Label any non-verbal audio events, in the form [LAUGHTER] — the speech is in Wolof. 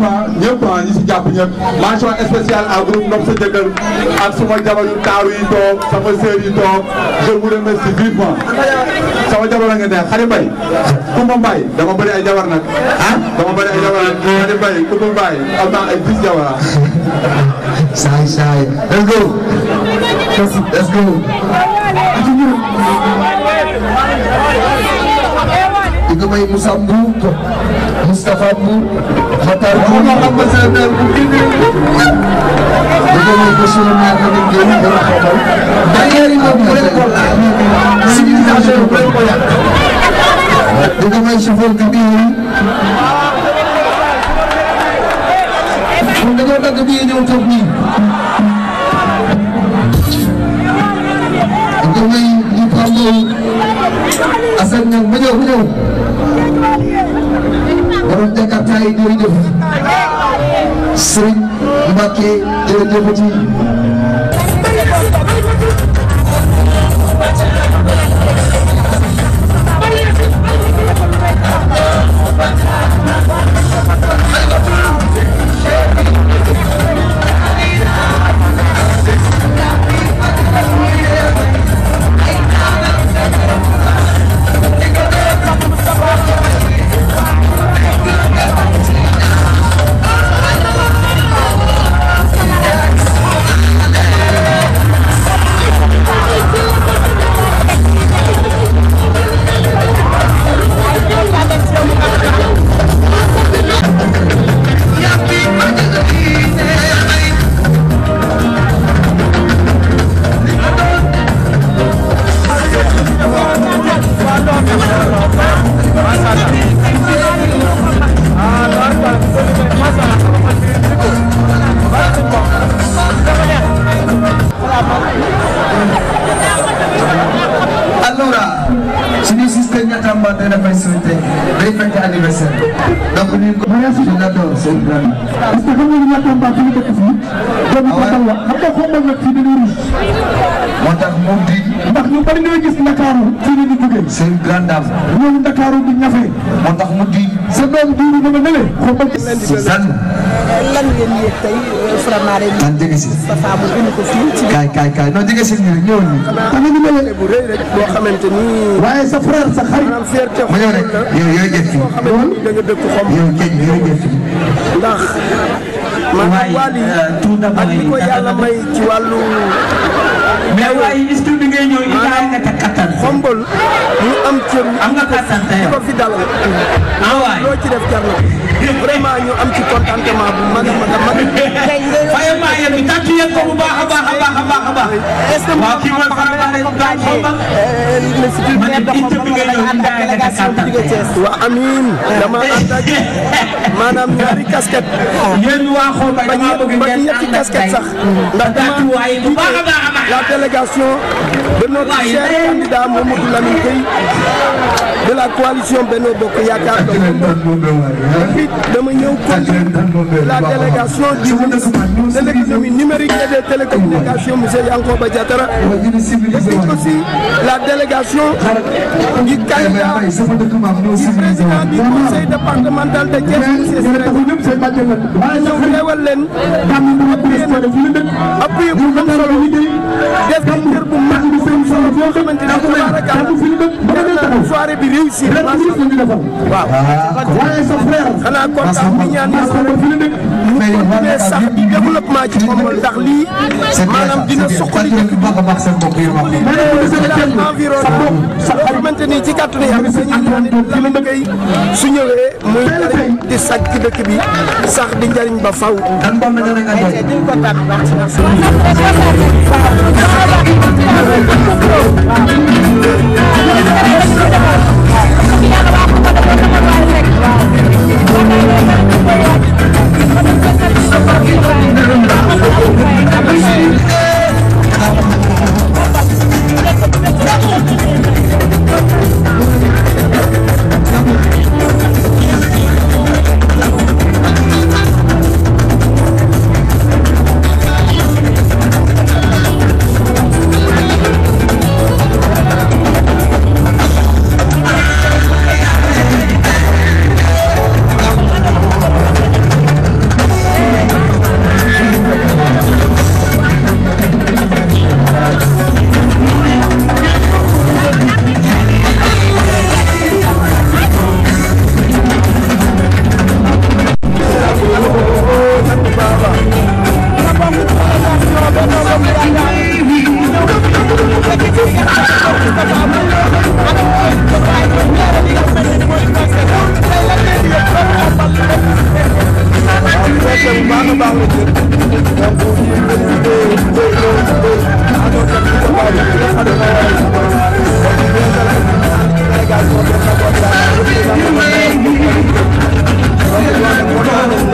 ñëpp ah ñëpp ah si jàpp ñëpp mention spéciale à groupe Ndom sa jëkkër ak suma jabaru taaru yi toog sama sœur yi toog je vous remercie vivement sama jabar a nga neex xarit Mbaye Kumba dama bëri ay jabar nag ah dama bëri ay jabar nag xarit Mbaye Kumba Mbaye am naa ay dix jabar saay saay let's go let's go bëgg may Moussa Mbour Moustapha Mbour Matar Mbour ma xam nga seen dër bu kii bi bëgg may monsieur le maire Lamine Gueye dana xamal barrière yi moom bu leen ko laal civilisation bu leen ko yàq bëgg may chauffeur bi bii kon dañoo dagg bii ñëw toog nii bëgg may ñu Pambo Assane ñoom ba ñëw ba ñëw Baye jërëjëf Serigne Mbacké jërëjëfati Sène donc ñu ko je l'adore c'est vraiment parce que xam nga ñu la tomba fi ñu dëkk fii doomu Fatal la xam nga xombal nag fii dañuy ruus moo tax moom di ndax ñu bari ñooy gis Ndakaaru fii la ñu jógee c'est une grande dame ñoom Ndakaaru bi ñafe moo tax mu di sa doom diiru dama ne le xombal lan ngeen yëg tey euh, Framare. lan ah, jege si Fafa kaay kaay kaay non jege si ñu rek ñëwoon ñu. am na ñu mel ne bu rëy rek boo xamante ni. waaye sa frère sa xarit. maanaam fierté ma ñëw rek yow yooyu jëf fii. da nga dëkk xom yow kenn yooyu jëf fii. ndax. waaye euh, tout d' abord ak li ko yàlla may ci wàllu. mais waaye est-ce que bi ngay nga kattan. xombol ñu am cër. am nga kattan tey ci def jar na vraiment ñu am ci contentement bu mag a mag a mag [LAUGHS] la délégation de notre candidat de la coalition Benno la délégation du l'économie numérique et des télécommunications, M. Yankoba Diatara. aussi la délégation du a du président du conseil départemental de Thiès, M. appui bu am solo def kër bu mag bu am solo boo xamante ne tabaarkalla soirée bi réussir waaw xanaa kontaan mais mais sax di développement ci Xombol ndax lii maanaam dina suqali dëkk bi suqali environnement loo xamante ni ci kàttanu yàlla sañu ñaan la koy su ñëwee muy njëriñ di sàcc ci dëkk bi sax di njëriñ ba faw I'm